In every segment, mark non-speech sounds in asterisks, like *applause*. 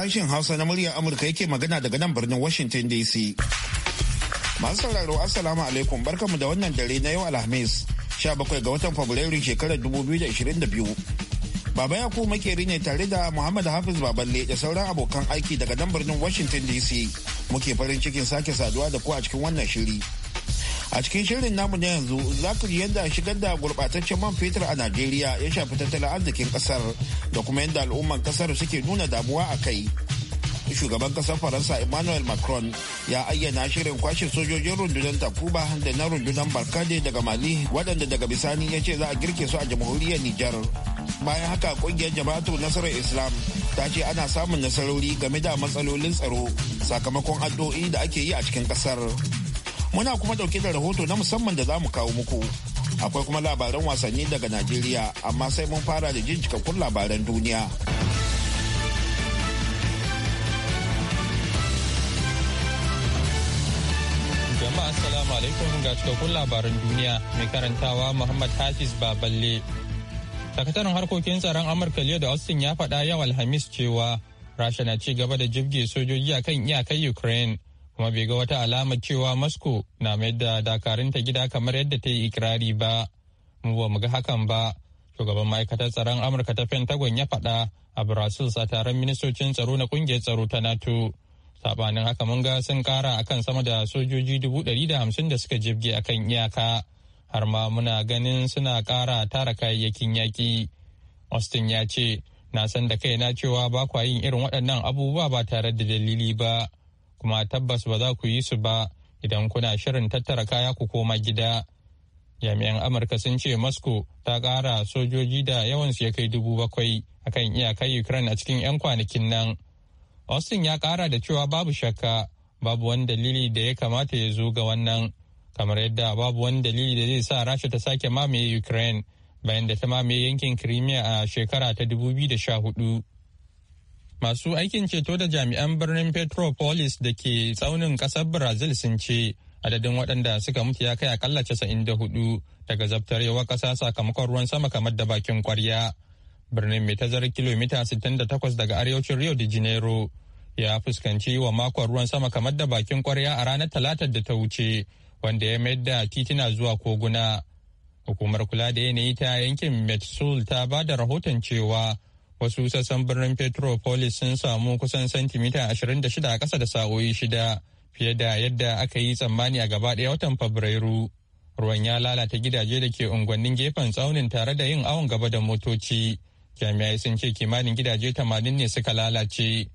sashen Hausa na muryar Amurka yake magana daga nan birnin Washington DC. Masu sauraro Assalamu alaikum barkamu da wannan dare na yau Alhamis 17 ga watan Fabrairu shekarar 2022. Baba Yakubu makeri ne tare da Muhammad Hafiz Baballe da sauran abokan aiki daga nan birnin Washington DC. Muke farin cikin sake saduwa da ku a cikin wannan shiri. a cikin shirin namu na yanzu za ku ji yadda shigar da gurbataccen man fetur a najeriya ya shafi tattalin arzikin kasar da kuma yadda al'umman kasar suke nuna damuwa a kai shugaban kasar faransa emmanuel macron ya ayyana shirin kwashe sojojin rundunar takuba da na rundunar barkade daga mali waɗanda daga bisani ya ce za a girke su a jamhuriyar nijar bayan haka kungiyar jama'atu nasarar islam ta ce ana samun nasarori game da matsalolin tsaro sakamakon addu'o'i da ake yi a cikin kasar muna kuma dauke da rahoto na musamman da za mu kawo muku akwai kuma labaran wasanni daga najeriya amma sai mun fara da jin cikakkun labaran duniya jama'a assalamu alaikum ga cikakkun labaran duniya mai karantawa muhammad hafiz baballe sakataren harkokin tsaron amurka leo da austin ya faɗa yau alhamis cewa rasha na ci gaba da jibge sojoji akan iyakar ukraine kuma bai ga wata alama cewa Moscow na mayar da dakarunta gida kamar yadda ta yi ikirari ba. Mu ba mu ga hakan ba, shugaban ma'aikatar tsaron Amurka ta Pentagon ya faɗa a Brussels a taron ministocin tsaro na ƙungiyar tsaro ta NATO. Sabanin haka mun ga sun kara akan sama da sojoji dubu ɗari da hamsin da suka jibge kan iyaka. Har ma muna ganin suna kara tara kayayyakin yaƙi. Austin ya ce, na san da kaina cewa ba kwa yin irin waɗannan abubuwa ba tare da dalili ba. kuma tabbas ba za ku yi su ba idan kuna shirin tattara kaya ku koma gida. Jami'an Amurka sun ce Moscow ta ƙara sojoji da yawan su ya kai dubu bakwai akan iyakar Ukraine a cikin 'yan kwanakin nan. Austin ya ƙara da cewa babu shakka babu wani dalili da ya kamata ya zo ga wannan kamar yadda babu wani dalili da zai sa Rasha ta sake mamaye Ukraine bayan da ta mamaye yankin Crimea a shekara ta 2014. masu aikin ceto da jami'an birnin petropolis da ke tsaunin kasar brazil sun ce adadin waɗanda suka mutu ya kai akalla casa'in da hudu daga zabtarewar ƙasa sakamakon ruwan sama kamar da bakin kwarya birnin mai tazarar kilomita 68 daga arewacin rio de janeiro ya fuskanci wa makon ruwan sama kamar da bakin kwarya a ranar talata da ta wuce wanda ya mayar da titina zuwa koguna hukumar kula da yanayi ta yankin metsul ta ba da rahoton cewa wasu sassan birnin petropolis sun samu kusan santimita 26 a kasa da sa'o'i shida fiye da yadda aka yi tsammani a gaba ɗaya watan fabrairu ruwan ya lalata gidaje da ke unguwannin gefen tsaunin tare da yin awon gaba da motoci jami'ai sun ce kimanin gidaje tamanin ne suka lalace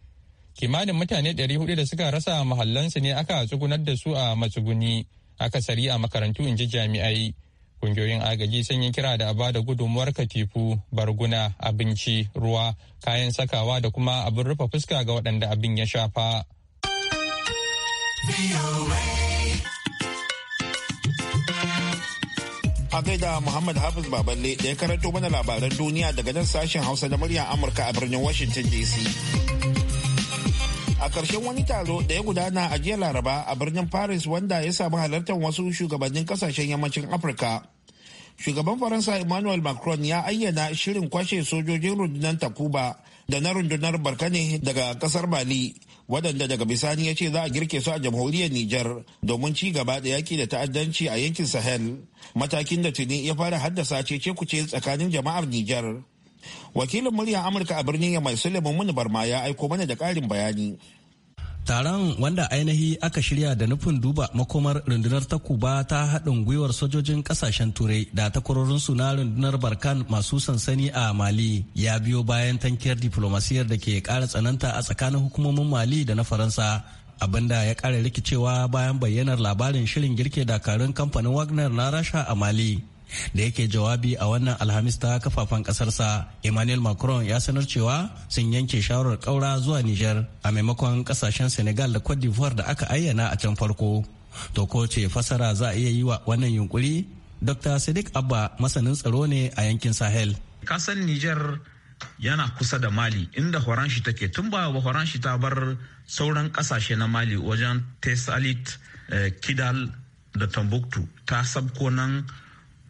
kimanin mutane 400 da suka rasa mahallansu ne aka tsugunar da su a matsuguni akasari a makarantu in ji jami'ai Kungiyoyin agaji sun yi kira da a bada gudunmuwar katifu, barguna, abinci, ruwa, kayan sakawa da kuma abin rufe fuska ga waɗanda abin ya shafa. A gaida Muhammad Hafiz Baballe da ya karanto mana labaran duniya daga nan sashen Hausa da muryar Amurka a birnin Washington DC. a ƙarshen wani taro da ya gudana a jiya laraba a birnin paris wanda ya samu halartar wasu shugabannin kasashen yammacin afirka shugaban faransa emmanuel macron ya ayyana shirin kwashe sojojin rundunar takuba da na rundunar barkane daga kasar mali waɗanda daga bisani ya ce za a girke su a jamhuriyar niger domin ci gaba da yaki da ta'addanci a yankin sahel matakin da tuni ya fara haddasa cece kuce tsakanin jama'ar niger wakilin murya amurka a birnin ya mai suleiman munubar barma ya aiko mana da ƙarin bayani Taron wanda ainihi aka shirya da nufin duba makomar rundunar takuba ta haɗin gwiwar sojojin ƙasashen turai da su na rundunar barkan masu sansani a Mali ya biyo bayan tankiyar diplomasiyar da ke ƙara tsananta a tsakanin hukumomin Mali da na Faransa abinda ya ƙara rikicewa bayan bayyanar labarin shirin girke dakarun kamfanin Wagner na Rasha a Mali. da yake jawabi a wannan alhamis ta kafafen kasarsa emmanuel macron ya sanar cewa sun yanke shawarar kaura zuwa niger a maimakon kasashen senegal da cote d'ivoire da aka ayyana a can farko to ko ce fasara za a iya yi wa wannan yunkuri dr sadiq abba masanin tsaro ne a yankin sahel kasan niger yana kusa da mali inda horanshi take tun ba horanshi ta bar sauran kasashe na mali wajen tesalit eh, kidal da tambuktu ta sabko nan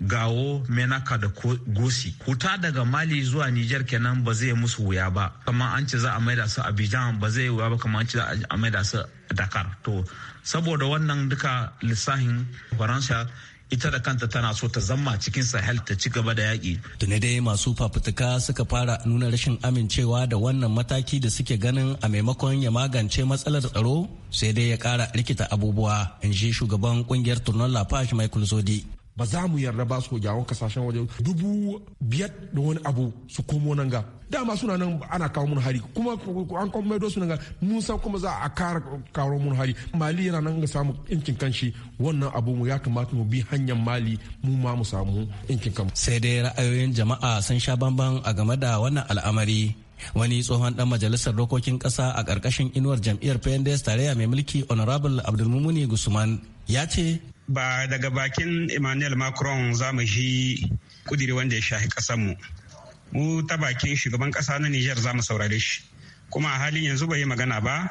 gawo menaka da gosi huta daga mali zuwa niger kenan ba zai musu wuya ba kamar an ce za a maida su abidjan ba zai wuya ba kamar an ce za a maida su dakar to saboda wannan duka lissahin faransa ita da kanta tana so ta zama cikin sahel ta ci gaba da yaki. tuni dai masu fafutuka suka fara nuna rashin amincewa da wannan mataki da suke ganin a maimakon ya magance matsalar tsaro sai dai ya kara rikita abubuwa in shi shugaban kungiyar turnon lafash michael zodi ba za mu yarda ba su jawon kasashen waje dubu biyar da wani abu su komo nan ga dama suna nan ana kawo mun hari kuma an kawo mai dosu nan ga mun kuma za a kara kawo mun hari mali yana nan ga samu inkin kanshi wannan abu mu ya kamata mu bi hanyar mali mu ma mu samu inkin kanmu sai dai ra'ayoyin jama'a sun sha bamban a game da wannan al'amari wani tsohon dan majalisar dokokin kasa a ƙarƙashin inuwar jam'iyyar pnds tarayya mai mulki honorable abdulmumuni gusman ya ce ba daga bakin emmanuel macron za mu shi kudiri wanda ya shahi kasan mu ta bakin shugaban kasa na niger za mu saurare shi kuma a halin yanzu bai yi magana ba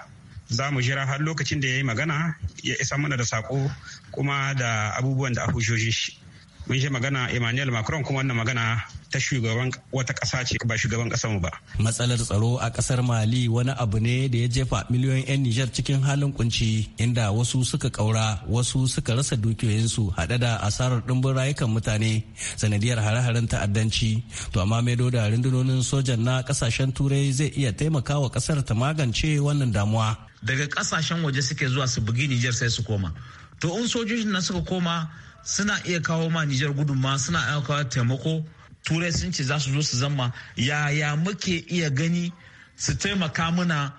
za mu jira har lokacin da ya yi magana ya isa mana da sako kuma da abubuwan da a shi mun shi magana emmanuel macron kuma wannan magana ta shugaban wata ƙasa ce ba shugaban mu ba matsalar tsaro a ƙasar mali wani abu ne da ya jefa miliyoyin 'yan nijar cikin halin kunci inda wasu suka kaura wasu suka rasa dukiyoyinsu haɗe da asarar ɗimbin rayukan mutane sanadiyar hare-haren ta'addanci to amma mai doda rundunonin sojan na kasashen turai zai iya taimakawa ƙasar ta magance wannan damuwa daga ƙasashen waje suke zuwa su bugi nijar sai su koma to in sojojin nan suka koma suna iya kawo ma nijar gudunma suna iya kawo taimako turai sun ce za su zo su zama yaya muke iya gani su taimaka muna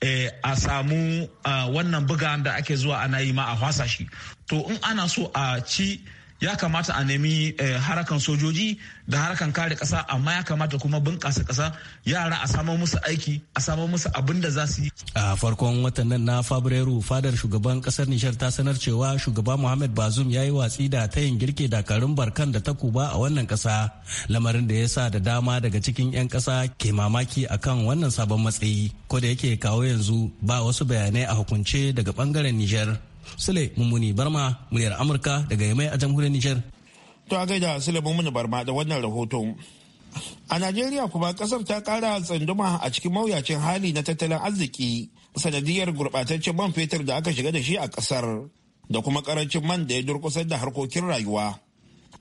eh, a samu ah, wannan buga da ake zuwa ana yi ma a fasa shi to in ana so a ci ya kamata a nemi eh, harakan sojoji da harakan kare kasa amma ya kamata kuma bunƙasa kasa yara a samo musu aiki a samo musu abin da za su yi. a farkon watan na fabrairu fadar shugaban kasar nishar ta sanar cewa shugaba muhammad bazum ya yi watsi da tayin girke dakarun barkan da takuba a wannan kasa lamarin da ya sa da dama daga cikin 'yan kasa ke mamaki akan wannan sabon matsayi ko da yake kawo yanzu ba wasu bayanai a hukunce daga bangaren nijar. Sule Mummuni Barma muryar Amurka daga Yamai a jamhuriyar Nijar. To a gaida Sule Mummuni Barma da wannan rahoton. A Najeriya kuma kasar ta kara tsanduma a cikin mawuyacin hali na tattalin arziki sanadiyar gurbataccen man fetur da aka shiga da shi a kasar da kuma karancin man da ya durkusar da harkokin rayuwa.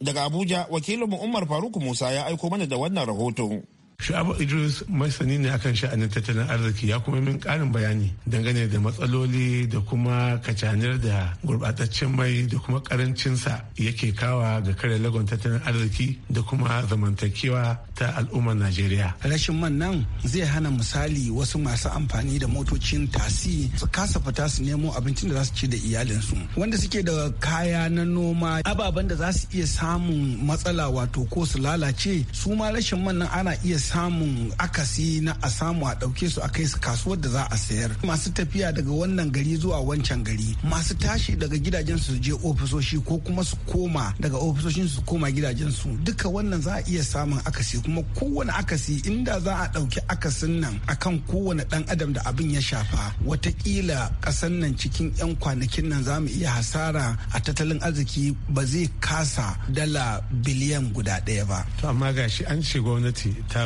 Daga Abuja, wakilinmu Umar Faruk Musa ya aiko mana da wannan rahoton. Shu'abu Idris masani ne akan sha'anin tattalin arziki ya kuma min karin bayani dangane da matsaloli da kuma kacanir da gurbataccen mai da kuma karancinsa yake kawa ga kare lagon tattalin arziki da kuma zamantakewa ta al'ummar Najeriya. Rashin man nan zai hana misali wasu masu amfani da motocin tasi su kasa fita su nemo abincin da za su ci da iyalinsu wanda suke da kaya na noma ababen da za su iya samun matsala wato ko su lalace su ma rashin man nan ana iya samun akasi na a samu a ɗauke su a kai su kasuwar da za a sayar masu tafiya daga wannan gari zuwa wancan gari masu tashi daga gidajen su je ofisoshi ko kuma su koma daga ofisoshin su koma gidajen su duka wannan za a iya samun akasi kuma kowane akasi inda za a ɗauki akasin nan akan kowane ɗan adam da abin ya shafa watakila kasan nan cikin 'yan kwanakin nan za mu iya hasara a tattalin arziki ba zai kasa dala biliyan guda ɗaya ba. to amma gashi an ce gwamnati ta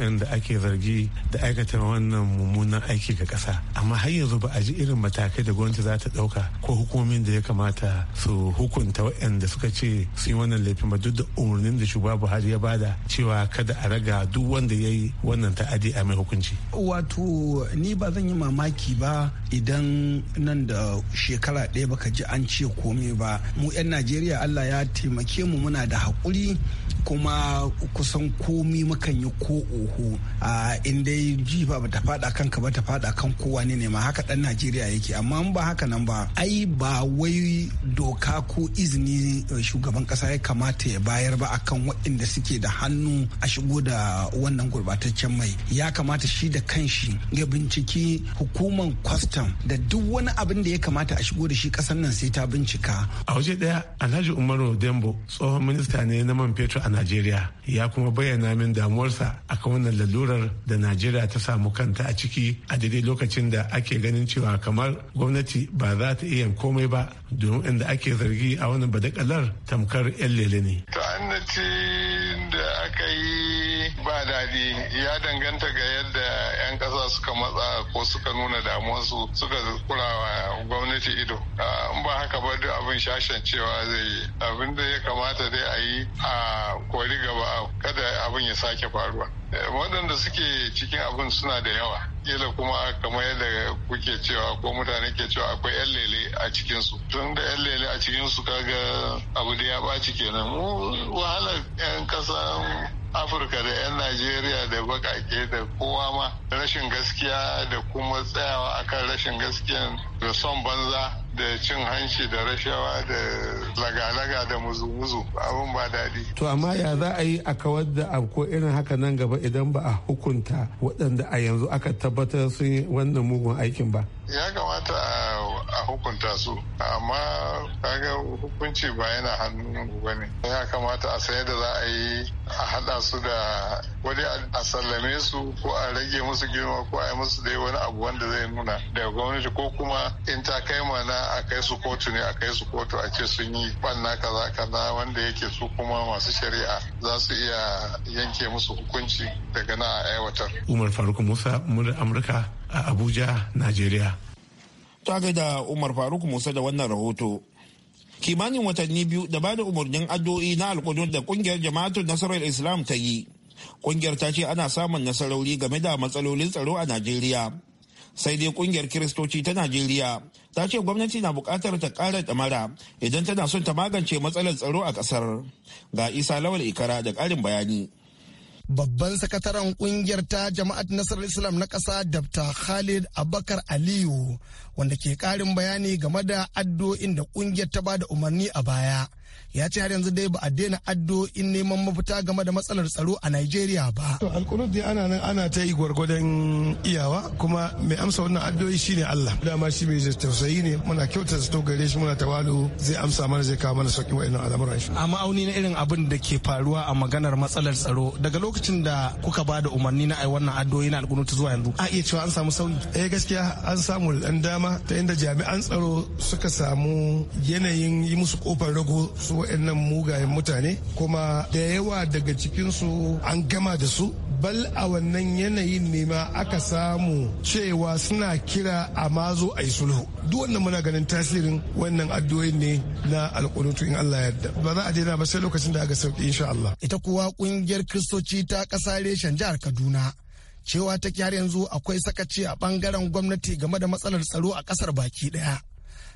yan da ake zargi da aikata wannan mummunan aiki ga ƙasa amma har yanzu ba a ji irin matakai da gwamnati za ta ɗauka ko hukumomin da ya kamata su hukunta waɗanda suka ce sun yi wannan laifin ba duk da umarnin da shugaba buhari ya bada cewa kada a raga duk wanda ya yi wannan ta'adi a mai hukunci wato ni ba zan yi mamaki ba idan nan da shekara ɗaya baka ji an ce komai ba mu 'yan najeriya allah ya taimake mu muna da haƙuri kuma kusan komi mukan yi ko oho a inda jifa ba ta fada kanka ba ta fada kan kowa ne ma haka dan najeriya yake amma in ba haka nan ba ai ba wai doka ko izini eh, shugaban kasa ya kamata ya bayar ba akan waɗanda suke da hannu a shigo da wannan gurbataccen mai ya kamata shi da kanshi ya binciki hukumar kwastam da duk wani abin da ya kamata a shigo da shi kasar nan sai ta bincika a waje daya alhaji umaru dembo tsohon minista ne na man fetur a najeriya ya kuma bayyana min damuwarsa kan wannan lalurar da najeriya ta samu kanta a ciki a daidai lokacin da ake ganin cewa kamar gwamnati ba za ta iya komai ba domin inda ake zargi a wannan badakalar tamkar 'yan lele ne da aka yi ba daɗi ya danganta ga yadda 'yan ƙasa suka matsa ko suka nuna damuwarsu suka kurawa gwamnati ido ah, in ba haka ba duk abin shashen cewa zai abin da ya kamata dai a yi a abin ya sake faruwa eh, waɗanda suke cikin abin suna da yawa kila kuma kamar yadda kuke cewa ko mutane ke cewa akwai yan lele a cikinsu tun da yan lele a cikinsu kaga abu da ya ɓaci kenan mu wahalar yan ƙasa afirka da 'yan najeriya da bakake da kowa ma rashin gaskiya da kuma tsayawa akan rashin gaskiya da son banza da cin hanci da rashawa da laga da muzu abin ba daɗi. To amma ya za a yi a kawar da ko irin haka nan gaba idan ba a hukunta waɗanda a yanzu aka tabbatar sun yi wannan mugun aikin ba. Ya kamata a a hukunta su amma kaga hukunci ba yana hannun ba ne ya kamata a sayar da za a yi a hada su da wani a sallame su ko a rage musu girma ko a yi musu dai wani abu wanda zai nuna Da gwamnati ko kuma in ta kai mana a kai su kotu ne a kai su kotu a ce sun yi banna kaza kaza wanda yake su kuma masu shari'a za su iya yanke musu hukunci daga na aiwatar. Umar Faruk Musa, Amurka a Abuja, Najeriya. ta gaida umar faruk musa da wannan rahoto kimanin watanni biyu da ba da umarnin addu'o'i na alkudun da kungiyar jama'atul nasarar islam ta yi kungiyar ta ce ana samun nasarori game da matsalolin tsaro a najeriya sai dai kungiyar kiristoci ta najeriya ta ce gwamnati na bukatar ta kara damara idan tana son ta magance matsalar tsaro a kasar ga isa lawal ikara da karin bayani babban sakataren kungiyar ta jama'at nasarar islam na ƙasa dabta khalid abakar aliyu wanda ke ƙarin bayani game da addu'o'in da kungiyar ta da umarni a baya ya ce har yanzu dai ba a daina addu'o'in neman mafita game da matsalar tsaro a Najeriya ba. To alkunut dai ana nan ana ta yi gwargwadon iyawa kuma mai amsa wannan addu'o'i shine Allah. Dama shi mai tausayi ne muna kyauta to gare shi muna tawalu zai amsa mana zai kawo mana sauki wa'annan al'amuran shi. A ma'auni na irin abin da ke faruwa a maganar matsalar tsaro daga lokacin da kuka ba da umarni na ai wannan addu'o'i na alkunut zuwa yanzu a iya cewa an samu sauyi. Eh gaskiya an samu dan dama ta inda jami'an tsaro suka samu yanayin yi musu kofar rago su waɗannan mugayen mutane kuma da yawa daga cikinsu an gama da su bal a wannan yanayin ne ma aka samu cewa suna kira a mazo a yi sulhu duk wannan muna ganin tasirin wannan addu'o'in ne na alƙunutu in Allah yarda ba za a daina ba sai lokacin da aka sauki insha Allah ita kuwa kungiyar kristoci ta ƙasa reshen jihar Kaduna cewa take har yanzu akwai sakaci a bangaren gwamnati game da matsalar tsaro a ƙasar baki ɗaya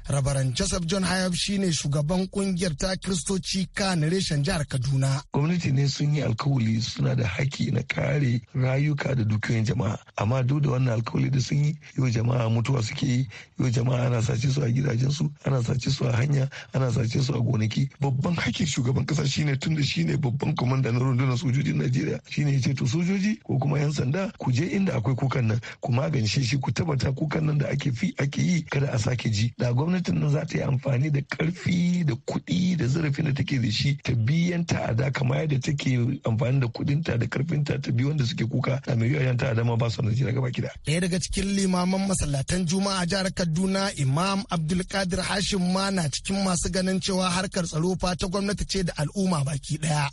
rabaran joseph john hayab shine shugaban kungiyar ta kristoci kan reshen jihar kaduna gwamnati ne sun yi alkawali suna da haƙƙi na kare rayuka da dukiyoyin jama'a amma duk da wannan alkawali da sun yi yau jama'a mutuwa suke yi yau jama'a ana sace su a gidajensu ana sace su a hanya ana sace su a gonaki babban haƙƙin shugaban ƙasa shine tun da shine babban kwamanda na rundunar sojojin najeriya shine ya ce to sojoji ko kuma yan sanda ku je inda akwai kukan nan ku magance shi ku tabbata kukan nan da ake fi ake yi kada a sake ji da gwamnati gwamnatin nan za ta yi amfani da karfi da kuɗi da zarafin da take da shi ta biyan ta'ada kamar yadda take amfani da kuɗinta da karfinta ta biyu wanda suke kuka a mai yawan ta'ada ma ba su nan gaba gida. Ɗaya daga cikin limaman masallatan juma'a jihar Kaduna Imam Abdulkadir Hashim ma na cikin masu ganin cewa harkar tsaro fa ta gwamnati ce da al'umma baki ɗaya.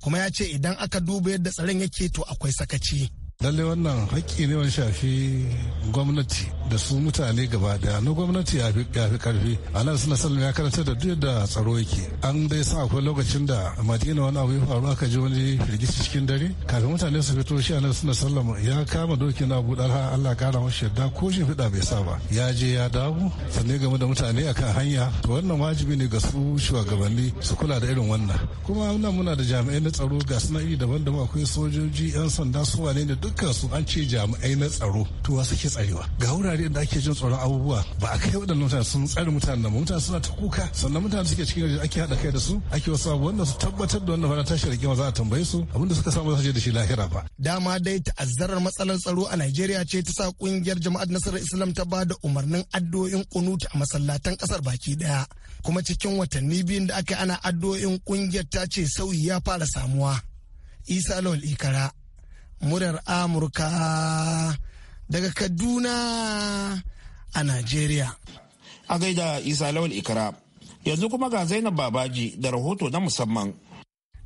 Kuma ya ce idan aka duba yadda tsaron yake to akwai sakaci. lallai wannan haƙƙi ne wani shafi gwamnati da su mutane gaba daya na gwamnati ya fi karfi anan suna salam ya karanta da duk da tsaro yake an dai san akwai lokacin da madina wani abu ya faru aka ji wani firgici cikin dare kafin mutane su fito shi nan suna salam ya kama dokin buɗar ha allah kara masa yadda ko shi fiɗa bai sa ba ya je ya dawo sannan game da mutane a kan hanya to wannan wajibi ne ga su shugabanni su kula da irin wannan kuma nan muna da jami'ai na tsaro ga sana'i daban-daban akwai sojoji 'yan sanda su wane ne dukkan su an ce jami'ai na tsaro to wa suke tsarewa ga wurare da ake jin tsoron abubuwa ba a kai waɗannan mutane sun tsare mutane na mutane suna ta kuka sannan mutane suke cikin da ake haɗa kai da su ake wasu abu wanda su tabbatar da wannan fara tashi kima za a tambaye su abinda suka samu za su je da shi lahira ba. dama dai ta'azzarar matsalar tsaro a Najeriya ce ta sa kungiyar jama'ar nasarar Islam ta ba da umarnin addu'o'in kunuta a masallatan kasar baki daya kuma cikin watanni biyun da aka ana addu'o'in kungiyar ta ce sauyi ya fara samuwa. Isa Lawal Ikara murar Amurka daga Kaduna a Najeriya. A gaida Isa Lawal Ikra, yanzu kuma ga Zainab Babaji da rahoto na musamman.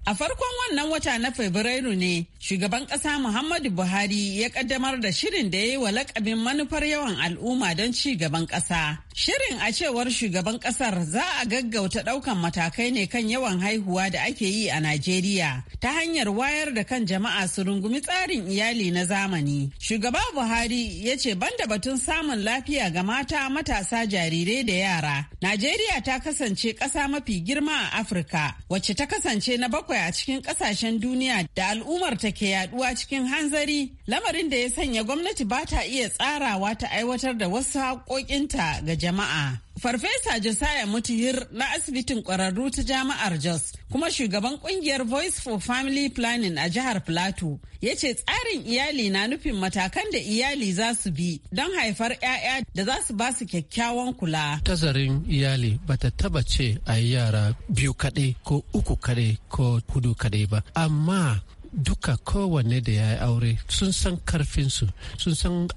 A farkon wannan wata na Fabrairu ne, shugaban ƙasa Muhammadu Buhari ya ƙaddamar da shirin da ya yi wa laƙabin manufar yawan al'umma don ci gaban ƙasa. Shirin a cewar shugaban kasar za a gaggauta daukan matakai ne kan yawan haihuwa da ake yi a Najeriya ta hanyar wayar da kan jama'a su rungumi tsarin iyali na zamani. Shugaba Buhari ya ce banda batun samun lafiya ga mata matasa jarirai da yara. Najeriya ta kasance kasa mafi girma a Afirka wacce ta kasance na bakwai a cikin kasashen duniya da al'ummar ta ke yaduwa cikin hanzari lamarin da ya sanya gwamnati ba ta iya tsarawa ta aiwatar da wasu haƙoƙinta ga jama'a. jama'a. Farfesa Josiah Mutihir na asibitin ƙwararru ta jama'ar Jos kuma shugaban ƙungiyar Voice for Family Planning a jihar Plateau ya ce tsarin iyali na nufin matakan da iyali za su bi don haifar 'ya'ya da za su ba su kyakkyawan kula. Tazarin iyali bata taba ce a yara biyu kaɗai ko uku kaɗai ko hudu kaɗai ba amma duka kowanne da ya yi aure sun san karfinsu sun san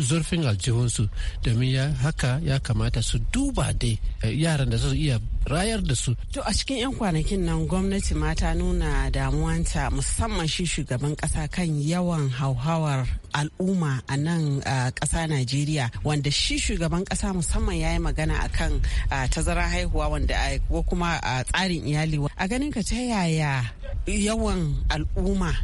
zurfin aljihunsu domin haka ya kamata su duba dai eh, yaran da su iya rayar da su. To a cikin 'yan kwanakin nan gwamnati mata nuna damuwanta musamman shi shugaban kasa kan yawan hauhawar al'umma a nan ƙasa Najeriya wanda shi shugaban ƙasa musamman ya yi magana a kan tazara haihuwa wanda ko kuma tsarin iyali. A ganin ka ta yaya yawan al'umma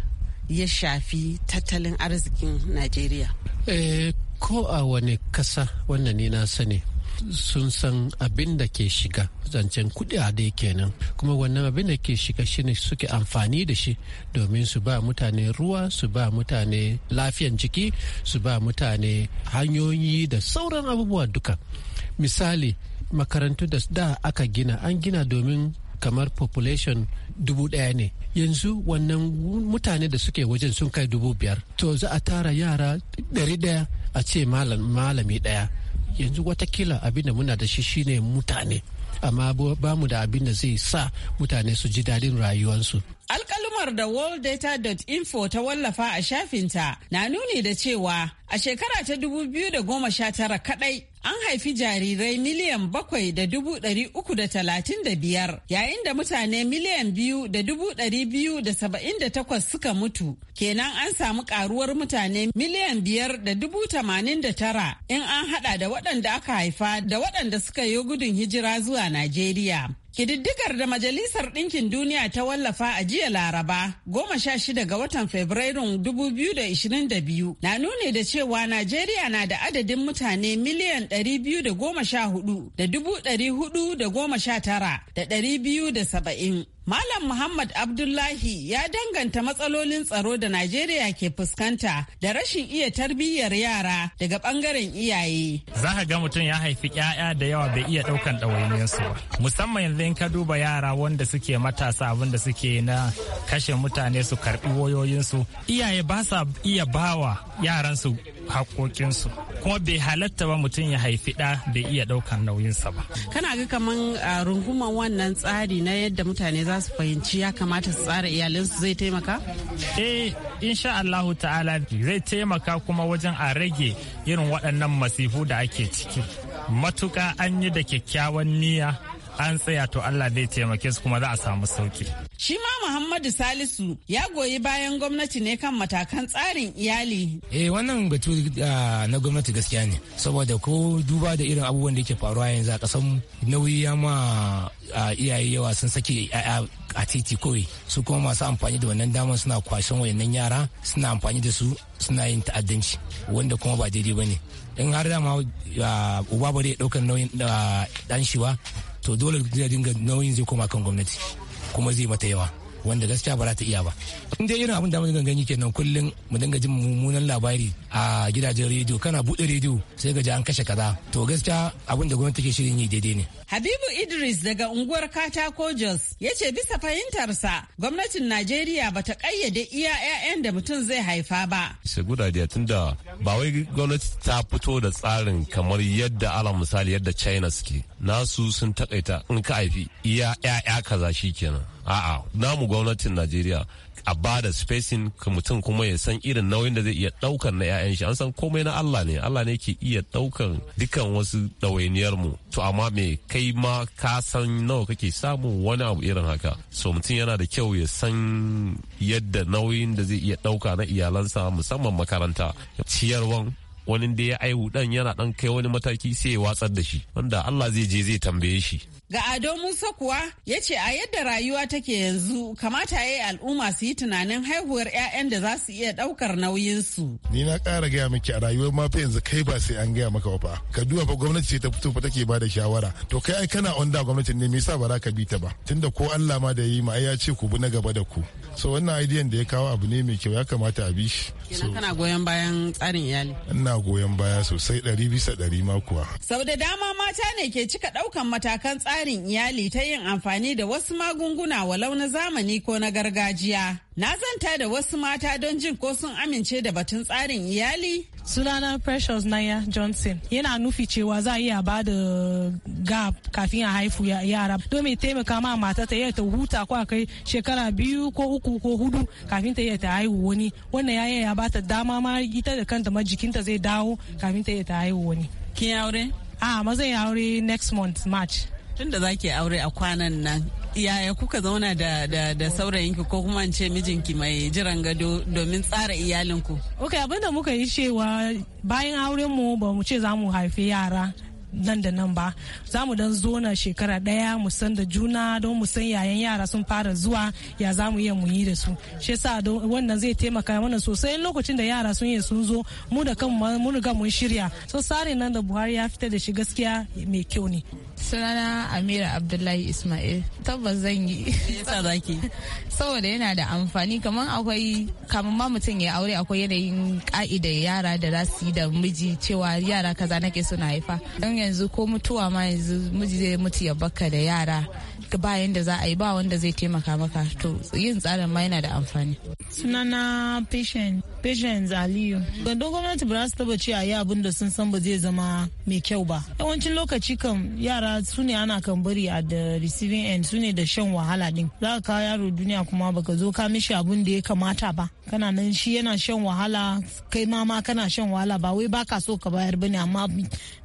ya shafi tattalin arzikin Najeriya? Eh, ko a wani kasa wannan ne na sani sun san abin da ke shiga zancen kuɗi kenan kuma wannan abin da ke shiga shine suke amfani da shi domin su ba mutane ruwa su ba mutane lafiyan jiki su ba mutane hanyoyi da sauran abubuwa duka misali makarantu da da aka gina an gina domin kamar population dubu daya ne yanzu wannan mutane da suke wajen sun kai dubu biyar to za a tara yara ɗari daya a ce malami daya. yanzu watakila abin da muna da shi shine mutane amma ba mu da abin da zai sa mutane su ji daɗin rayuwarsu. Alƙalin Sanarwar da worlddata.info ta wallafa a shafinta na nuni da cewa a shekara ta 2019 kadai an haifi jarirai miliyan bakwai da dubu dari uku da talatin da biyar yayin da mutane miliyan biyu da dubu dari biyu da saba'in da takwas suka mutu kenan an samu karuwar mutane miliyan biyar da dubu tamanin da tara in an hada da waɗanda aka haifa da waɗanda suka yi gudun hijira zuwa najeriya Kididdigar da Majalisar Ɗinkin Duniya ta wallafa a jiya Laraba, goma sha shida ga watan Fabrairun 2022 na nuni da cewa Najeriya na da adadin mutane miliyan 214 da 419 da 270. Malam Muhammad Abdullahi ya danganta matsalolin tsaro da Najeriya ke fuskanta da rashin iya tarbiyyar yara daga bangaren iyaye. Za ka ga mutum ya haifi 'ya'ya da yawa bai iya ɗaukan ɗawainiyarsu ba. Musamman yanzu in ka duba yara wanda suke matasa abin da suke na kashe mutane su karɓi wayoyinsu. Iyaye ba sa iya bawa yaransu haƙoƙinsu. Kuma bai halatta ba mutum ya haifi ɗa bai iya ɗaukan nauyinsa ba. Kana ga kaman runguman wannan tsari na yadda mutane za su fahimci ya kamata su tsara su zai taimaka? Eh, insha Allahu ta'ala zai taimaka kuma wajen a rage irin waɗannan masifu da ake ciki. Matuka an yi da kyakkyawan niyya an tsaya to Allah zai taimake su kuma za a samu sauki. Shi ma Muhammadu Salisu ya goyi bayan gwamnati ne kan matakan tsarin iyali. Eh wannan batu ah, na gwamnati gaskiya ne saboda ko duba da irin abubuwan da ke faruwa yanzu a kasan nauyi ya ma ah, iyaye yawa sun sake a titi kawai su kuma masu amfani da wannan damar suna kwashen wayannan yara suna amfani da su suna yin ta'addanci wanda kuma ba daidai ba ne in har dama ah, uba ba zai ɗaukar nauyin ɗan shi ba to dole zai dinga nauyin zai koma kan gwamnati kuma zai mata yawa wanda gaskiya ba za ta iya ba in dai irin abin da muka gani kenan kullum mu dinga jin mummunan labari a gidajen rediyo kana bude rediyo sai ga an kashe kaza to gaskiya abin da gwamnati ke shirin yi daidai ne Habibu Idris daga unguwar Katako Jos ya ce bisa fahimtarsa gwamnatin Najeriya ba ta kayyade iya 'ya'yan da mutum zai haifa ba. Sai guda da tunda ba wai gwamnati ta fito da tsarin kamar yadda ala misali yadda China suke nasu sun takaita in ka haifi iya 'ya'ya kaza shi kenan. a'a namu gwamnatin najeriya a ba da spacing mutum kuma ya san irin nauyin da zai iya daukar na 'ya'yan shi an san komai na Allah ne Allah ne ke iya daukar dukkan wasu ɗawainiyar mu to amma me kai ma ka san nawa kake samu wani abu irin haka so mutum yana da kyau ya san yadda nauyin da zai iya dauka na iyalansa musamman makaranta ciyarwan wani da ya aihu dan yana dan kai wani mataki sai ya watsar da shi wanda Allah zai je zai tambaye shi ga ado musa kuwa yace a yadda rayuwa take yanzu kamata ya yi al'umma su yi tunanin haihuwar 'ya'yan da za su iya daukar nauyinsu ni na ƙara gaya miki a rayuwar ma yanzu kai ba sai an gaya maka ba ka duba fa gwamnati ce ta fito fa take ba da shawara to kai ai kana onda gwamnatin ne me yasa ba za ka bi ta ba tunda ko Allah ma da yi ma ai ya ce ku bi na gaba da ku so wannan idean da ya kawo abu ne mai kyau ya kamata a bi shi kana goyon bayan tsarin iyali ana goyon baya sosai ɗari bisa ɗari makuwa. kuwa. Sau da dama mata ne ke cika ɗaukan matakan tsarin iyali ta yin amfani da wasu magunguna walau na zamani ko na gargajiya. Na zanta da wasu mata don jin ko sun amince da batun tsarin iyali. Sunana Precious Naya Johnson yana nufi cewa za a iya ba da gab kafin a haifu yara domin taimaka ma mata ta ta huta ko kai shekara biyu ko uku ko hudu kafin ta ta haihu wani wannan yaya ya ba ta dama ma ita da kanta majikinta zai dawo kafin ta ta haihu wani. Kin aure? Ah, a zan ya aure next month March. tunda za ki aure a kwanan nan yaya kuka zauna da, da, saurayinki ko kuma ce mijinki mai jiran gado domin tsara iyalinku ok abinda muka yi cewa bayan aurenmu ba mu ce za mu haifi yara nan da nan ba za mu dan zo shekara daya mu san da juna don mu san yayan yara sun fara zuwa ya za mu iya mu da su shi yasa wannan zai taimaka mana sosai lokacin da yara sun yi sun zo mu da kan mu riga mun shirya so tsarin nan da buhari ya fitar da shi gaskiya mai kyau ne sunana amira abdullahi ismail tabbas zan yi *laughs* saboda yana da amfani kamar akwai kamar ma mutum ya aure akwai yanayin ka'idar yara da za su yi da miji cewa yara kaza nake suna haifa yanzu ko mutuwa ma yanzu miji zai mutu ya baka da yara ba yanda za a yi ba wanda zai taimaka maka to yin tsarin ma yana da amfani sunana patient patient aliyu gandun gwamnati ba su taba ce a yi abin da sun san ba zai zama mai kyau ba yawancin lokaci kam yara su ne ana kan bari a da receiving end su ne da shan wahala din za ka kawo yaro duniya kuma baka zo ka mishi abin da ya kamata ba kana nan shi yana shan wahala kai ma ma kana shan wahala ba wai baka so ka bayar bane amma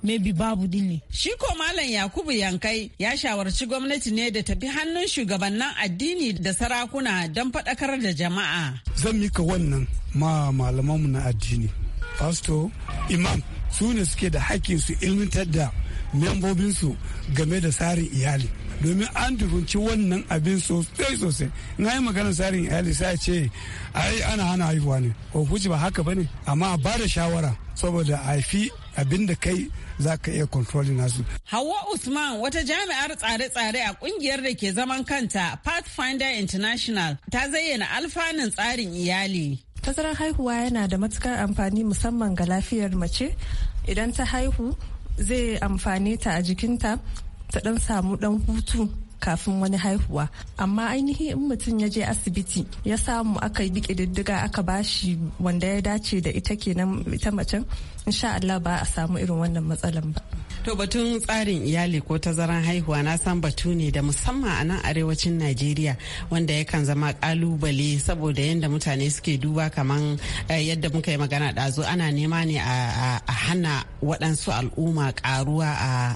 maybe babu din ne shi ko malam yakubu yankai ya shawarci gwamnati ne da tafi hannun shugabannin addini da sarakuna don faɗakar da jama'a. Zan mika wannan ma malamanmu na addini, fasto imam, su ne suke da hakkin su ilmantar da membobinsu game da tsarin iyali. domin an durunci wannan abin sosai sosai na yi maganar tsarin iyali sai ce ai ana hana haihuwa ne ko kuci ba haka ba ne amma ba da shawara saboda haifi abinda kai za ka iya kontroli nasu. Hawa Usman wata jami'ar tsare-tsare a kungiyar da ke zaman kanta Pathfinder International ta zayyana alfanun tsarin iyali. Tazarar haihuwa yana da matukar amfani musamman ga lafiyar mace idan ta haihu zai amfane ta a jikinta ta dan samu dan hutu kafin wani haihuwa amma ainihi in mutum ya je asibiti ya samu aka yi diddiga aka bashi wanda ya dace da ita kenan ita macen insha Allah ba a samu irin wannan matsalan ba To batun tsarin iyali ko tazaran haihuwa na san batu ne da musamman a nan arewacin Najeriya wanda yakan zama kalubale saboda yadda mutane suke duba kamar eh, yadda muka yi magana ɗazu ana nema ne a hana waɗansu al'umma ƙaruwa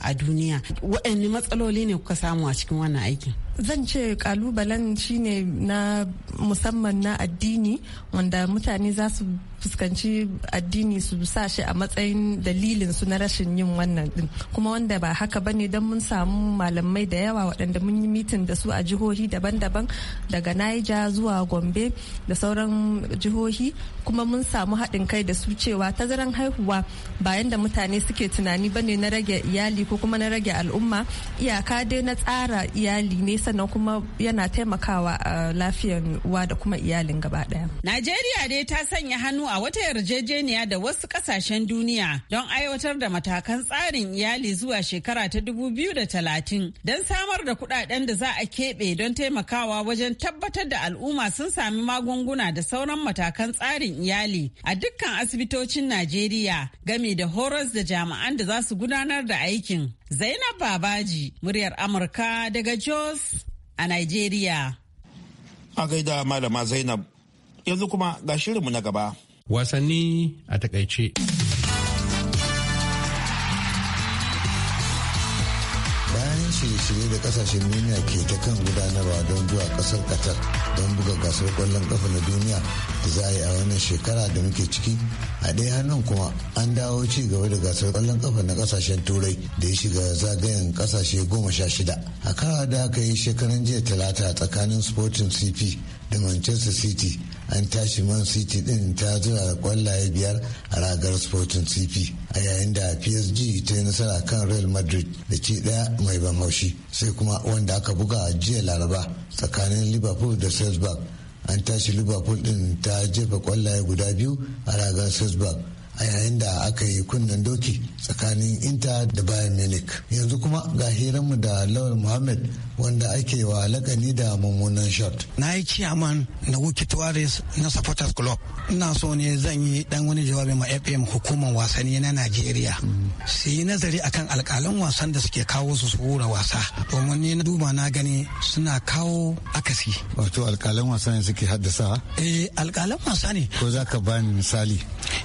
a duniya. Waɗanne matsaloli ne kuka samu a cikin wannan aikin? zan ce kalubalen shine na musamman na addini wanda mutane za su fuskanci addini su sa shi a matsayin dalilin su na rashin yin wannan din kuma wanda ba haka ba ne don mun samu malamai da yawa waɗanda mun yi mitin da su a jihohi daban-daban daga naija zuwa gombe da sauran jihohi kuma mun samu haɗin kai da su cewa tazaran haihuwa bayan da mutane suke tunani ba ne na rage iyali ko kuma na rage al'umma iyaka dai na tsara iyali ne sannan kuma yana taimakawa a lafiyar uwa da kuma iyalin gaba daya. Najeriya dai ta sanya hannu a wata yarjejeniya da wasu kasashen duniya don aiwatar da matakan tsarin iyali zuwa shekara ta dubu biyu da talatin don samar da kudaden da za a keɓe don taimakawa wajen tabbatar da al'umma sun sami magunguna da sauran matakan tsarin iyali a dukkan asibitocin Najeriya game da horas da jami'an da za su gudanar da aikin. Zainab Babaji, muryar Amurka daga Jos a Nigeria. A gaida malama Zainab, yanzu kuma ga shirinmu na gaba. Wasanni a takaice. kasashen duniya ke ta kan gudanarwa don zuwa kasar qatar don buga gasar kwallon kafa na duniya da za a yi a wannan shekara da muke ciki a ɗaya hannun kuma an dawo ci gaba da gasar kwallon kafa na kasashen turai da ya shiga zagayen kasashe goma sha shida a kara da aka yi shekaran jiya talata tsakanin sporting cp da manchester city an tashi man city din ta zura da kwallaye biyar a ragar sporting cp a yayin da psg ta yi nasara kan real madrid da ke daya mai ban haushi sai kuma wanda aka buga a jiya laraba tsakanin liverpool da salzburg an tashi liverpool din ta jefa kwallaye guda biyu a ragar salzburg a yayin da aka yi kunnen doki tsakanin inter da bayan munich yanzu kuma ga hiranmu da lawal muhammad wanda ake wa lakani da mummunan shot na yi ciyaman na wuki tuwaris na supporters club ina so ne zan yi dan wani jawabi ma fm hukumar wasanni na najeriya su yi nazari akan alkalan wasan da suke kawo su su wasa domin ne na duba na gani suna kawo akasi wato alkalan wasa ne suke haddasa eh alkalan wasa ne ko za ka bani misali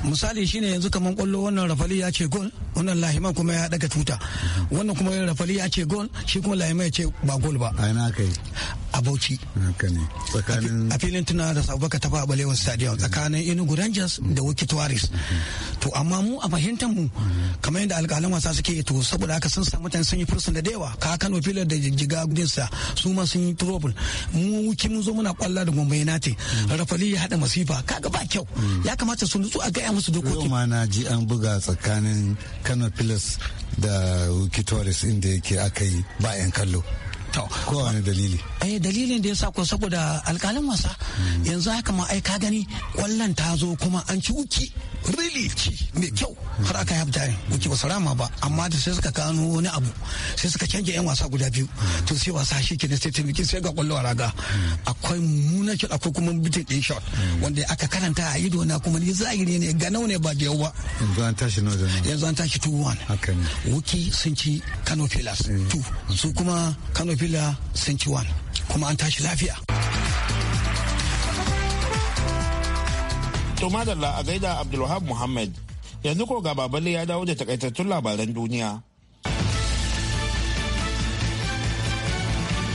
misali shi shine yanzu kaman kwallo wannan rafali ya ce gol wannan lahiman kuma ya daga tuta wannan kuma rafali ya ce gol shi kuma lahiman ya ce ba gol ba a Bauchi. A filin tuna da Abubakar Tafa a Balewan Stadium mm-hmm. tsakanin Enugu Rangers mm-hmm. da Wiki tuaris mm-hmm. To amma mu a fahimtar mu kamar yadda alƙalan wasa suke to saboda haka sun samu mutane sun yi fursun da yawa ka Kano filar da jijjiga gudunsa su ma sun yi trouble mu wiki mun zo muna kwalla da Gombe United Rafali ya haɗa masifa kaga ba kyau ya kamata su nutsu a gaya musu dokoki. Yau ma na ji an buga tsakanin Kano Pillars da Wiki tuaris inda yake aka yi bayan kallo. Kowane dalili. eh dalilin da sa ko saboda alkalin wasa yanzu haka ma ai ka gani kwallon ta zo kuma an ci uki really ci mai kyau har aka yabta ne uki ba sarama ba amma da sai suka kano wani abu sai suka canja yan wasa guda biyu to sai wasa shi kenan sai taimaki sai ga kwallo raga akwai muna shot akwai kuma bitin din shot wanda aka karanta a ido na kuma ni zahiri ne ga nau ne ba da yau ba yanzu an tashi nawa da yanzu an tashi 2-1 wuki sun ci Kano Pillars 2 su kuma Kano Pillars sun ci 1 kuma an tashi lafiya. To madalla a gaida Abdulwahab Muhammad yanzu ko ga babali ya dawo da takaitattun labaran duniya.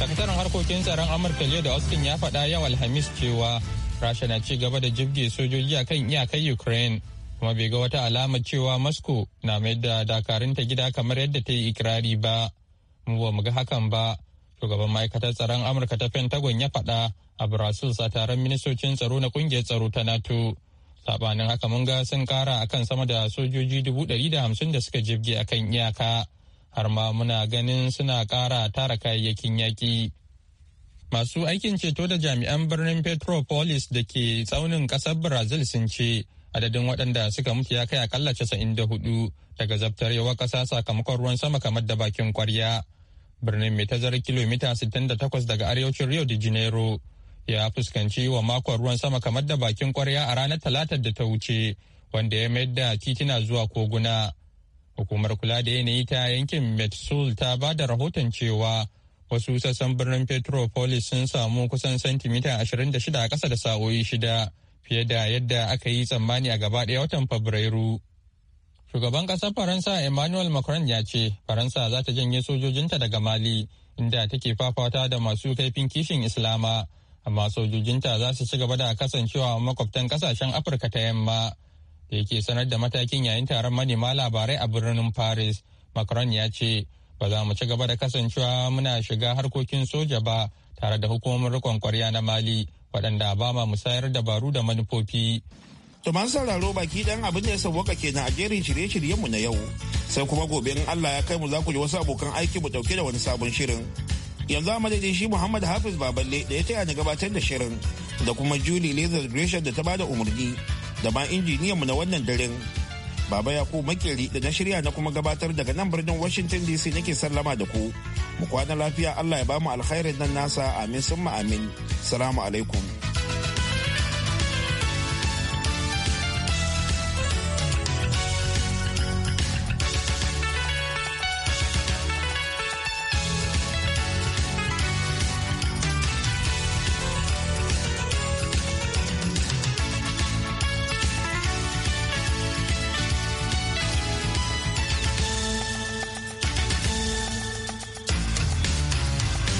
sakataren harkokin tsaron amurka leo da austin ya faɗa yau alhamis cewa rasha na ci gaba da jibge sojoji a kan iyakar ukraine kuma bai ga wata alama cewa moscow na mayar da dakarunta gida kamar yadda ta yi ikirari ba mu ba mu ga hakan ba shugaban ma'aikatar tsaron amurka ta pentagon ya faɗa a brussels a taron ministocin tsaro na kungiyar tsaro ta nato sabanin haka mun ga sun kara akan sama da sojoji dubu ɗari da hamsin da suka jibge akan iyaka har ma muna ganin suna kara tara kayayyakin yaki. masu aikin ceto da jami'an birnin petropolis da ke tsaunin kasar brazil sun ce adadin waɗanda suka mutu ya kai akalla casa'in da hudu daga zabtarewar ƙasa sakamakon ruwan sama kamar da bakin kwarya birnin mai tazara kilomita 68 daga arewacin rio de janeiro ya fuskanci wa makon ruwan sama kamar da bakin kwarya a ranar talata da ta wuce wanda ya mayar da titina zuwa koguna hukumar kula da yanayi ta yankin metsul ta ba da rahoton cewa wasu sassan birnin petropolis sun samu kusan santimita 26 a ƙasa da sa'o'i shida fiye da yadda aka yi tsammani a gaba ɗaya watan fabrairu Shugaban ƙasar Faransa Emmanuel Macron ya ce Faransa za ta janye sojojinta daga Mali inda take fafata da masu kaifin kishin Islama, amma sojojinta za su ci gaba da kasancewa makwabtan ƙasashen Afirka ta yamma. Da yake sanar da matakin yayin taron manema labarai a birnin Paris, Macron ya ce ba za mu ci gaba da kasancewa muna shiga harkokin soja ba tare da hukumar rikon kwarya na Mali waɗanda ba ma musayar dabaru da manufofi. To man sauraro baki dan abin da ya sauwaka kenan a jerin shirye-shiryenmu na yau. Sai kuma gobe in Allah ya kai mu za ku ji wasu abokan aiki mu dauke da wani sabon shirin. Yanzu a madadin shi Muhammad Hafiz Baballe da ya taya ni gabatar da shirin da kuma Julie Lazar Gresham da ta bada umarni da ma injiniyanmu na wannan daren. Baba Yakubu Makeri da na shirya na kuma gabatar daga nan birnin Washington DC nake sallama da ku. Mu kwana lafiya Allah ya bamu alkhairin nan nasa amin summa amin. Salamu alaikum.